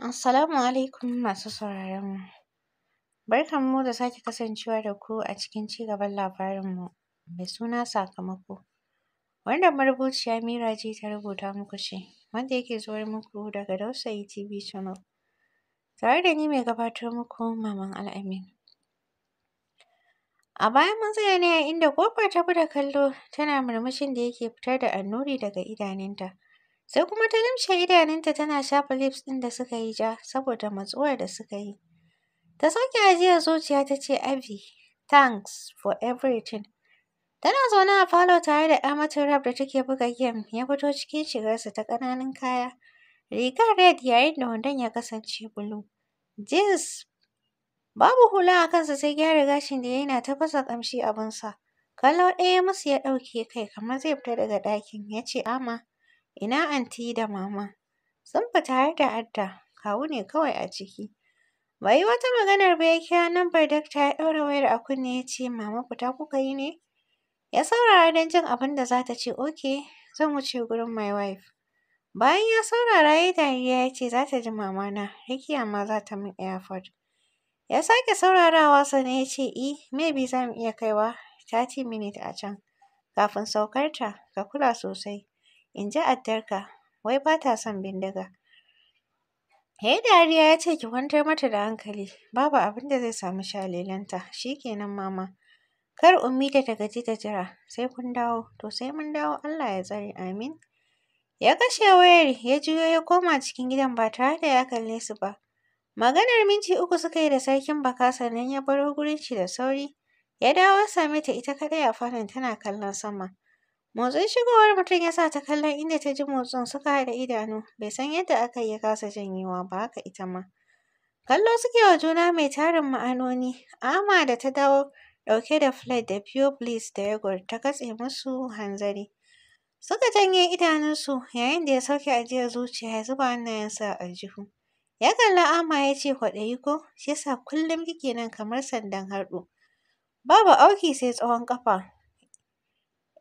Assalamu alaikum masu sauraron mu. Barkan mu da sake kasancewa da ku a cikin ci cigaban mu mai suna sakamako. Wanda marubuciya Mira ce ta rubuta muku shi wanda yake zuwar muku daga Dausayi TV Channel. Tare da ni mai gabatar muku Maman Al'amin. A baya mun tsaya ne a inda ƙofar ta buɗe kallo tana murmushin da yake fitar da annuri daga idanunta. Sai kuma ta limshe idanunta tana shafa lips ɗin da suka yi ja saboda matsuwar da suka yi. Ta sauke ajiyar zuciya ta ce Abby, thanks for everything. Tana zaune a falo tare da Amatin Rab da take buga game ya fito cikin shigarsa ta ƙananan kaya. Rigar red yayin da wandon ya kasance bulu, Jeans babu hula a kansa sai gyara gashin da yana ta fasa ƙamshi abinsa. Kallo ɗaya musu ya ɗauke kai kamar zai fita daga ɗakin ya ce ama. Ina anty da mama? Sun fita har da adda, kawu ne kawai a ciki. Bai yi wata maganar ba ya kira lambar dakta ya ɗaura wayar a kunne ya ce, Mama fita kuka yi ne? Ya saurara don jin abin da za ta ce, Ok, zan wuce gurin my wife. Bayan ya saurara ya yi dariya ya ce, Za ta ji mama na, Rakiya ma za ta min airport. Ya sake saurarawa sannan ya ce, E, maybe za mu iya kaiwa thirty minutes a can. Kafin saukarta, ka kula sosai. in ji addarka, wai ba ta son bindiga. Ya dariya ya ce ki kwantar mata da hankali, babu abin da zai samu shalelanta shi kenan mama. Kar Ummi ta gaji ta jira, sai kun dawo, to sai mun dawo Allah ya tsare, amin. Ya kashe wayar ya juyo ya koma cikin gidan ba tare da ya kalle su ba. Maganar minti uku suka yi da sarkin baka sannan ya baro gurin shi da sauri. Ya dawo ya same ta ita kaɗai a falon tana kallon sama. Motsin shigowar mutum ya sa ta kallon inda ta ji motsin suka haɗa idanu. Bai san yadda aka yi ya kasa janyewa ba haka ita ma. Kallo suke wa juna mai tarin ma'anoni. Ama da ta dawo ɗauke da flat da pure bliss da yogurt ta katse musu hanzari. Suka janye idanunsu yayin da ya sauke ajiyar zuciya ya zuba hannayensa a aljihu. Ya kalli Ama ya ce kwaɗayi ko, shi ya sa kullum kike nan kamar sandan harɗo. Babu auki sai tsawon ƙafa.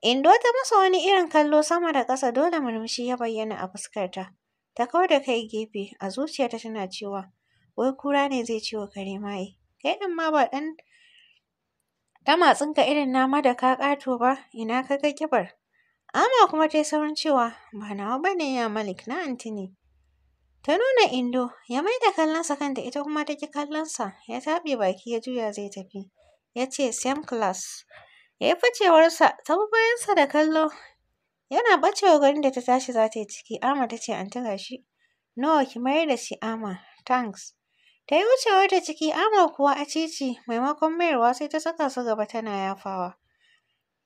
Indo ta masa wani irin kallo sama da ƙasa dole murmushi ya bayyana a fuskarta. Ta kau da kai gefe a zuciyarta tana cewa wai kura ne zai ciwo kare maye. Kai ɗin ma ba ɗan damatsinka irin nama da ka ƙato ba ina ka ga ƙibar. Ama kuma ta yi saurin cewa ba nawa ba ne ya Malik na anti ne. Ta nuna Indo ya mai da kallonsa kanta ita kuma ta ƙi kallonsa ya taɓe baki ya juya zai tafi. Ya ce same class. ya yi ficewarsa ta bi bayansa da kallo yana ɓacewa garin da ta tashi za ta yi ciki Ama ta ce anti ga shi nawa ki mayar da shi Ama thanks ta yi wucewar da ciki Ama kuwa a cici maimakon mayarwa sai ta saka su gaba tana yafawa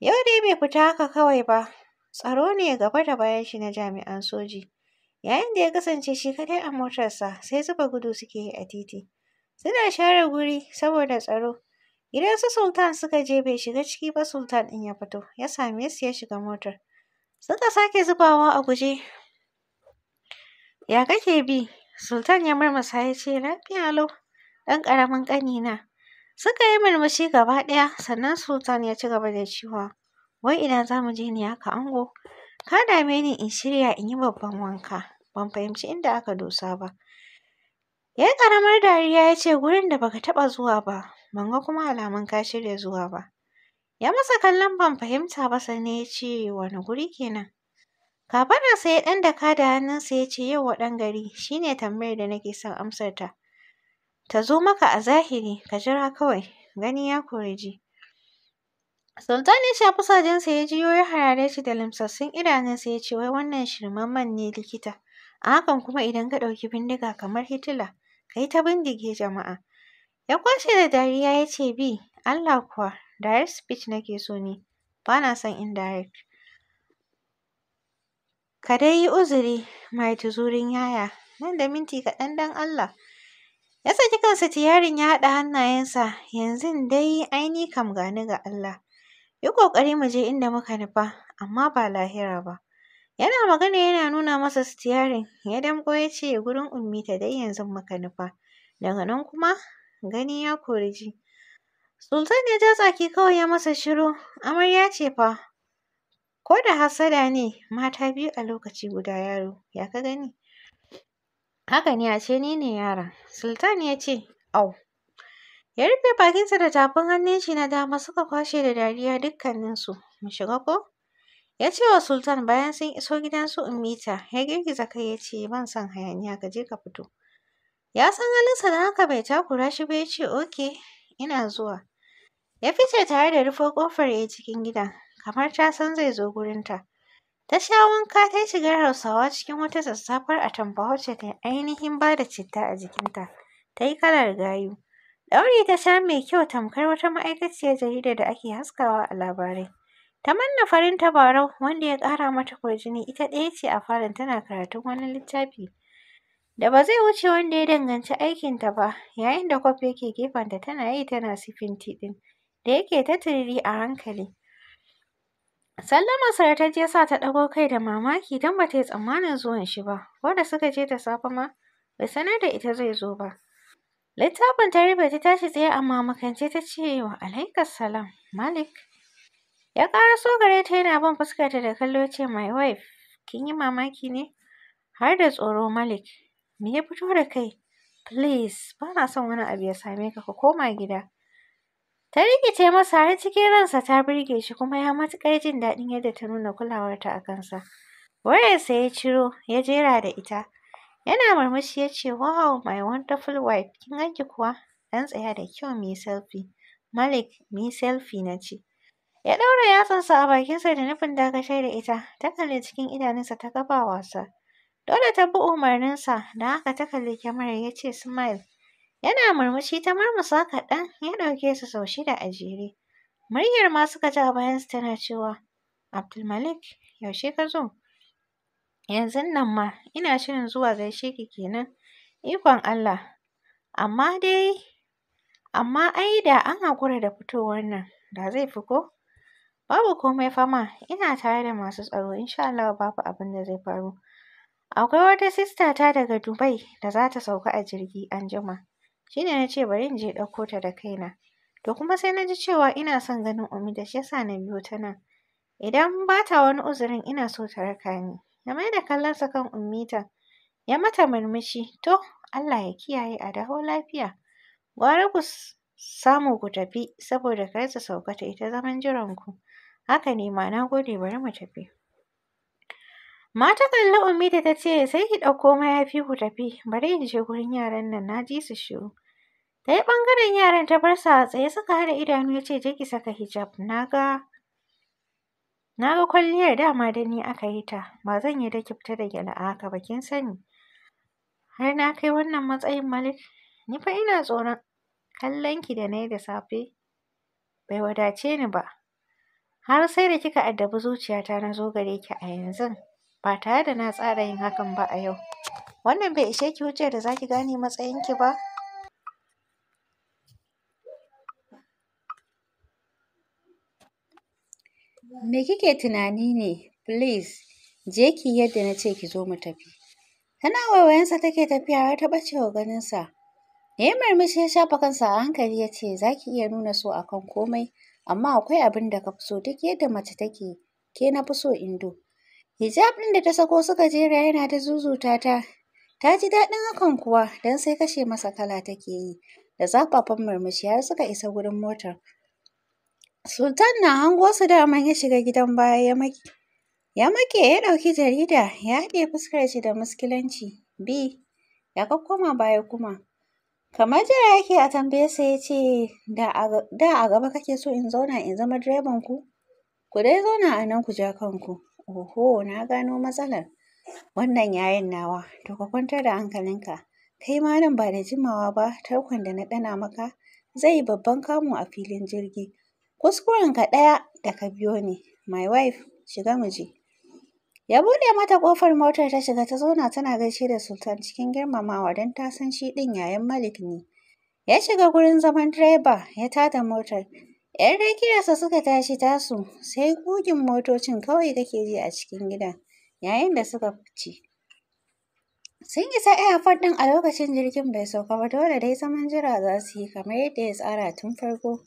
yau dai bai fita haka kawai ba tsaro ne gaba da bayan shi na jami'an soji yayin da ya kasance shi kaɗai a motarsa sai zuba gudu suke yi a titi suna share guri saboda tsaro Idan su Sultan suka je bai shiga ciki ba Sultan ɗin ya fito, ya same su ya shiga motar. Suka sake zubawa a guje. Ya kake bi? Sultan ya murmusa ya ce lafiya lau, ɗan ƙaramin ƙanina. Suka yi murmushi gaba ɗaya sannan Sultan ya ci gaba da cewa wai idan za mu je ne haka ango? Ka dame ni in shirya in yi babban wanka, ban fahimci inda aka dosa ba. Ya yi ƙaramar dariya ya ce gurin da baka taɓa zuwa ba, ban ga kuma alamun ka shirya zuwa ba. Ya masa kallon ban fahimta ba sannan ya ce wani guri kenan. Kafaɗarsa ya ɗan daka da hannunsa ya ce yauwa ɗan gari shi ne tambayar da nake son amsar ta. Ta zo maka a zahiri ka jira kawai gani ya kori ji. Sultan ya shafi sajensa ya jiyo ya harare shi da limsassun idanunsa ya ce wai wannan man ne likita. A hakan kuma idan ka ɗauki bindiga kamar hitila ka yi ta bindige jama'a. Ya kwashe da dariya ya ce bi, Allah kuwa, direct speech nake so ni, ba na son indirect. Ka dai yi uzuri, mai tuzurin yaya, nan da minti kaɗan dan Allah. Ya saki kansa tiyarin ya haɗa hannayensa, yanzu dai aini kam gani ga Allah. Yi ƙoƙari mu je inda muka nufa, amma ba lahira ba. Yana magana yana nuna masa sitiyarin, ya damko ya ce gurin Ummi ta dai yanzu muka nufa. Daga nan kuma gani ya kori ji. Sultan ya ja tsaki kawai ya masa shiru, amarya ce fa. Ko da hassada ne, mata biyu a lokaci guda yaro, ya ka gani? Haka ne ashe ni ne yaron. Sultan ya ce, au. Ya rufe bakinsa da tafin hannun shi na dama suka kwashe da dariya dukkaninsu. Mu shiga ko? Ya ce wa Sultan bayan sun iso gidan su mita, ya girgiza kai ya ce ban son hayaniya ka je ka fito. Ya san halinsa da haka bai takura shi ba ya ce oke ina zuwa. Ya fice tare da rufe ƙofar ya cikin gida kamar ta san zai zo gurinta. Ta sha wanka ta yi shigar Hausawa cikin wata sassafar atamfa wacce ta ainihin ba da citta a jikinta. Ta yi kalar gayu. Ɗauri ta sha mai kyau tamkar wata ma'aikaciyar jarida da ake haskawa a labarai. Ta manna farin tabarau wanda ya ƙara mata kwarjini ita ɗaya ce a falon tana karatun wani littafi. da ba zai wuce wanda ya danganci aikinta ba yayin da kwaf yake gefenta tana yi tana sifinti ɗin da yake ta tiriri a hankali. Sallamarsa da ta ji ya sa ta ɗago kai da mamaki don ba ta yi tsammanin zuwan shi ba, wanda suka je ta safe ma bai sanar da ita zai zo ba. Littafin ta rufe ta tashi tsaye amma makance ta ce wa alaikas salam Malik. Ya ƙara so gare ta yana bin fuskarta da kallo ce my wife kin yi mamaki ne har da tsoro Malik Me ya fito da kai? Please, ba na son wani abu ya same ka, ka koma gida. Ta rikice masa har cikin ransa ta birge shi kuma ya matuƙar jin daɗin yadda ta nuna kulawarta a kansa. Wayarsa ya ciro ya jera da ita. Yana murmushi ya ce, Wow, my wonderful wife, kin ganki kuwa? Ɗan tsaya da kyau mu yi selfie. Malik, mu yi selfie na ce. Ya ɗaura yatsunsa a bakinsa da nufin dakatar da ita. Ta kalli cikin idanunsa ta kafa wasa. Dole ta bi umarninsa, da haka ta kalli kyamarar ya ce smile. Yana murmushi ta murmusa kaɗan, ya ɗauke su sau shida a jere. Muryar ma suka ji a bayansu tana cewa, Abdulmalik, yaushe ka zo? Yanzun nan ma, ina shirin zuwa gaishe ki kenan, ikon Allah. Amma dai, amma ai da an haƙura da fitowar nan, da zai fi ko? Babu komai fama. ina tare da masu tsaro, insha Allah babu abin da zai faru. Akwai wata sista ta daga Dubai da za ta sauka a jirgi anjima, shi ne na ce bari in je ɗauko ta da kaina. To kuma sai na ji cewa ina son ganin Ummi shi ya na biyo ta nan. Idan ba wani uzurin ina so ta raka ni. Ya mai da kallon sa kan ta. ya mata murmushi, to Allah ya kiyaye a dawo lafiya. Gwara ku samu ku tafi saboda kar ta sauka ta ita zaman jiran ku. Haka ne ma na gode bari mu tafi. Mata ta kalli Ummi da ta ce, sai ki ɗauko mayafi ku tafi, bari in je gurin yaran nan na ji su shiru. Ta yi ɓangaren yaran ta barsa, a tsaye suka haɗa idanu ya ce, je ki saka hijab, na ga na ga kwalliyar dama da ni aka yi ta, ba zan yi da ki fita da gyale a ba kin sani. Har na kai wannan matsayin Malik, ni fa ina tsoron kallon ki da na yi da safe bai wadace ni ba. Har sai da kika addabi zuciyata na zo gare ki a yanzu. ba tare da na tsara yin hakan ba a yau. Wannan bai ishe ki hujjar da zaki ki gane matsayinki ba? Me kike tunani ne? Please, je ki yadda na ce ki zo mu tafi. Tana waiwayensa take tafiya har ta wa ganinsa. Ya yi murmushi ya shafa kansa a hankali ya ce, za ki iya nuna so akan komai, amma akwai abin da ka fi so duk yadda mace take, ke na fi so Indo. Hijab ɗin da ta sako suka jera yana ta zuzuta ta. Ta ji daɗin hakan kuwa don sai kashe masa kala take yi. Da zafafan murmushi har suka isa gurin motar. Sultan na hango su daman ya shiga gidan baya ya maki. Ya make ya ɗauki jarida ya haɗe fuskar shi da muskilanci. bi. Ya koma baya kuma. Kamar jira yake a tambaye sa ya ce, da a gaba kake so in zauna in zama direban ku? Ku dai zauna a nan ku ja kanku. Oho, na gano matsalar. Wannan yayan nawa, to ka kwantar da hankalinka. Kai ma ba da jimawa ba tarkon da na ɗana maka zai yi babban kamu a filin jirgi. Kuskuren ka ɗaya da ka biyo ni. My wife, shiga mu je. Ya buɗe mata ƙofar motar ta shiga ta zauna tana gaishe da Sultan cikin girmamawa don ta san shi ɗin yayan Malik ne. Ya shiga gurin zaman direba ya tada motar ‘Yan rakiyarsa suka tashi tasu, sai gugin motocin kawai kake ji a cikin gidan yayin da suka fice. Sun isa airport ɗin a lokacin jirgin bai sauka ba dole dai zaman jira za su yi kamar yadda ya tsara tun farko.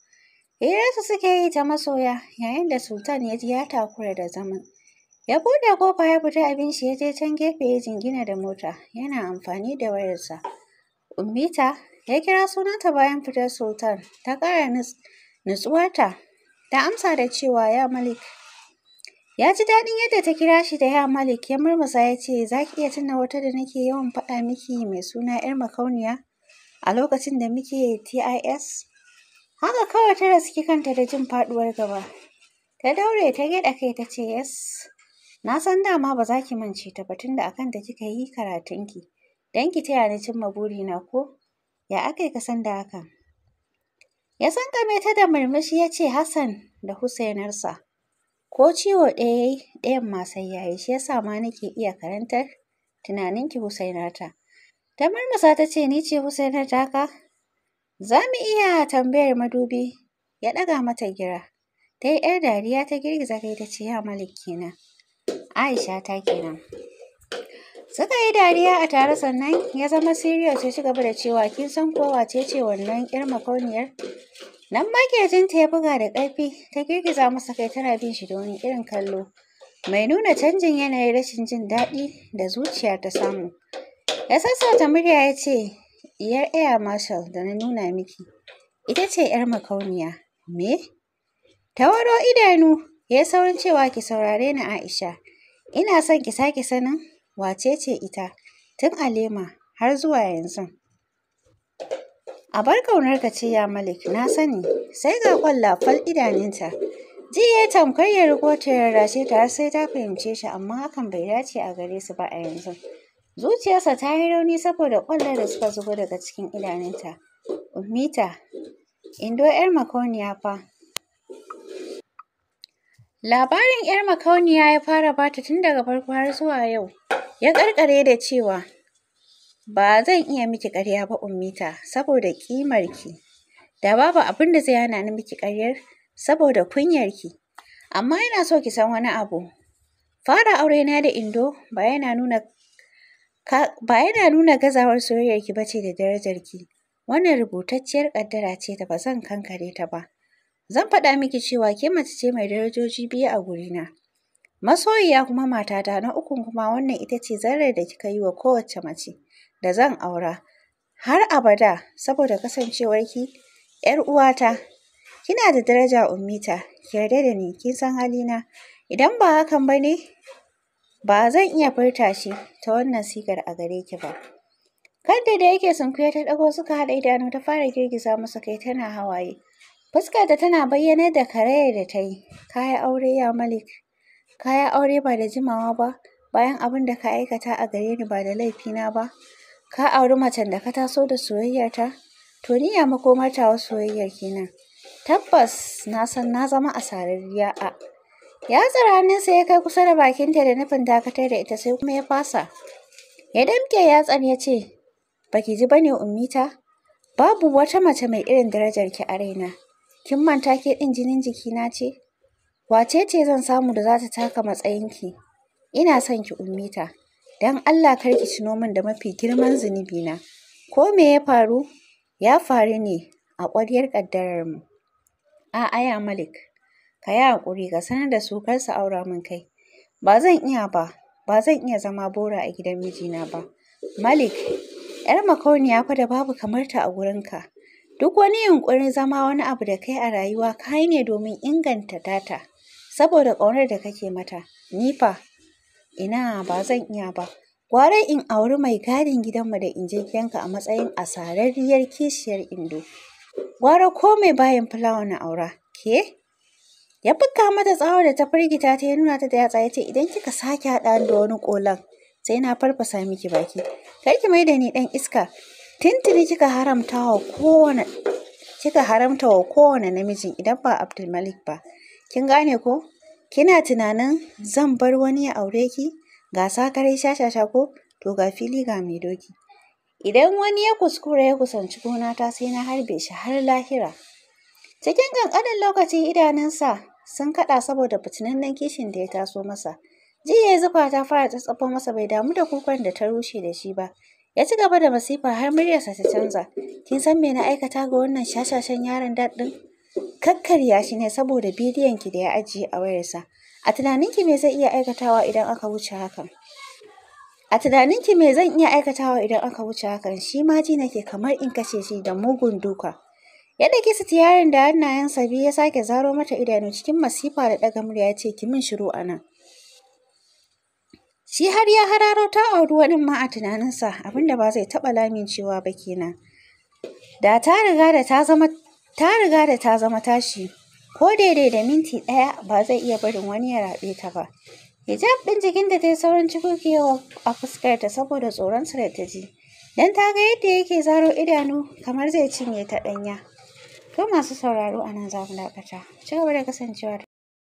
Hirarsu suke yi ta masoya yayin da Sultan ya ji ya takura da zaman. Ya buɗe kofa ya fita abin shi ya je can gefe ya jingina da mota yana amfani da wayarsa. Ummita ya kira sunanta bayan fitar Sultan ta ƙara nutsuwa. nutsuwarta ta amsa da cewa ya malik ya ji daɗin yadda ta kira shi da ya malik ya murmusa ya ce za ki iya tuna wata da nake yawan faɗa miki mai suna yar makauniya a lokacin da muke tis haka kawai ta raski kanta da jin faɗuwar gaba ta daure ta gyaɗa kai ta ce yes na san dama ba za ki mance ta ba tunda a kanta kika yi karatunki don ki taya ni cimma burina ko ya aka yi ka san da hakan Ya sankame ta da murmushi ya ce Hassan da Husainarsa. Ko ciwo ɗaya ɗayan ma ya yi, shi ya sa ma nake iya karantar tunaninki Husainarta. Ta murmusa ta ce ni ce Husainarta ka Za mu iya tambayar madubi. Ya ɗaga mata gira. Ta yi ‘yar dariya ta girgiza kai ta ce ya Malik kenan. Aisha ta kenan. Suka yi dariya a tare sannan ya zama serious ya ci gaba da cewa kin san ko wace ce wannan yar makauniyar? Nan makejinta ya buga da ƙarfi ta girgiza masa kai tana bin shi da wani irin kallo. Mai nuna canjin yanayin rashin jin daɗi da zuciya ta samu. Ya sassauta murya ya ce, Diyar Air Marshal da na nuna miki, ita ce ‘yar makauniya, me? Tawaro idanu, ya saurin cewa ki saurare ni Aisha, ina son ki sake sanin Wace ce ita? Tun Alema har zuwa yanzu. Abar ƙaunarka ce ya Malik, na sani, sai ga fal idanunta. Jiya tamkar ya riko ta rarrashe ta har sai ta fahimce shi amma hakan bai dace a gare su ba a yanzu. Zuciyarsa ta yi rauni saboda kwallon da suka zubo daga cikin idanunta. Ummita, Indo ‘yar makoniya fa, Labarin ‘yar makauniya ya fara bata tun daga farko har zuwa yau, ya ƙarƙare da cewa, “Ba zan iya miki ƙarya ba Ummita saboda ƙimarki, da babu abin da zai hana ni miki ƙaryar saboda kunyarki, amma yana so ki san wani abu, fara aure na da Indo ba yana nuna ba yana nuna gazawar soyayyarki ba ce da darajarki, wannan rubutacciyar ƙaddara ce da ba zan kankare ta ba. Zan faɗa miki cewa ke mace ce mai darajoji biyu a gurina. Masoyiya kuma matata na ukun kuma wannan ita ce zarar da kika yi wa kowace mace da zan aura har abada saboda kasancewarki ‘yar uwata. Kina da daraja ummita, ki yarda da ni, kin san halina. Idan ba hakan ba ne, ba zan iya furta shi ta wannan sigar a gare ki ba. Kanta da yake sunkuya ta ɗago suka haɗa idanu ta fara girgiza masa kai tana hawaye. Fuskar da tana bayyanar da karayar da ta yi. Ka aure ya Malik, ka aure ba da jimawa ba, bayan abin da ka aikata a gare ni ba da laifina ba. Ka auri macen da ka taso da soyayyarta, to ni ya mako wa soyayyar kenan. Tabbas na san na zama a sararriya a. Ya tsara hannunsa ya kai kusa da bakinta da nufin dakatar da ita sai kuma ya fasa. Ya damke yatsan ya ce, Baki ji bane ummita? Babu wata mace mai irin darajar ki a raina. Kin manta ke ɗin jinin jikina ce? Wace ce zan samu da za ta taka matsayinki? Ina son ki ummita. Don Allah kar ki cino min da mafi girman zunubi na. Ko me ya faru? Ya faru ne a ƙwaryar mu A'a ya Malik, ka yi haƙuri ka sanar da su kar su aura min kai. Ba zan iya ba, ba zan iya zama bora a gidan mijina ba. Malik, ‘yar makauniya fa da babu kamar ta a gurinka. Duk wani yunƙurin zama wani abu da kai a rayuwa ka ne domin inganta data, saboda ƙaunar da kake mata. Ni fa, ina ba zan iya ba. Gwara in auri mai gadin gidanmu da in je gidanka a matsayin asararriyar kishiyar Indo. Gwara ko mai bayan fulawa na aura, ke? Ya kama mata tsawar da ta firgita ta yi nuna ta da yatsa ya ce idan kika sake haɗa da wani ƙolan sai na farfasa miki baki. Kar ki mai da ni ɗan iska, tintiri kika haramta wa kowane kika haramta wa kowane namijin idan ba Abdulmalik ba kin gane ko kina tunanin zan bar wani ya aure ki ga sakare shashasha ko to ga fili ga mai doki idan wani ya kuskura ya kusanci gona ta, sai na harbe shi har lahira cikin ƙanƙanin lokacin idanunsa sun kaɗa saboda fitinannen kishin da ya taso masa jiya zufa ta fara tsatsafo masa bai damu da kukan da ta rushe da shi ba Ya ci gaba da masifa har muryarsa ta canza. Kin san me na aikata ga wannan shashashen yaron daɗin? Kakkarya shi ne saboda bidiyon ki da ya ajiye a wayarsa. A tunaninki me zai iya aikatawa idan aka wuce hakan? A tunaninki me zan iya aikatawa idan aka wuce hakan? Shi ma ji nake kamar in kashe shi da mugun duka. Yadda kisa tiyarin da hannayensa biyu ya sake zaro mata idanu cikin masifa da ɗaga murya ya ce ki min shiru anan. Shi har ya hararo ta auri waɗin ma a tunaninsa abinda ba zai taɓa lamin cewa ba kenan. Da ta riga da ta zama riga da ta zama tashi ko daidai da minti ɗaya ba zai iya barin wani ya raɓe ta ba. Hijab ɗin jikin da ta yi sauran cikokewa a fuskarta saboda tsoron su da ta ji. Don ta ga yadda yake zaro idanu kamar zai cinye ta ɗanya. To masu sauraro a nan za mu dakata. Ci gaba da kasancewa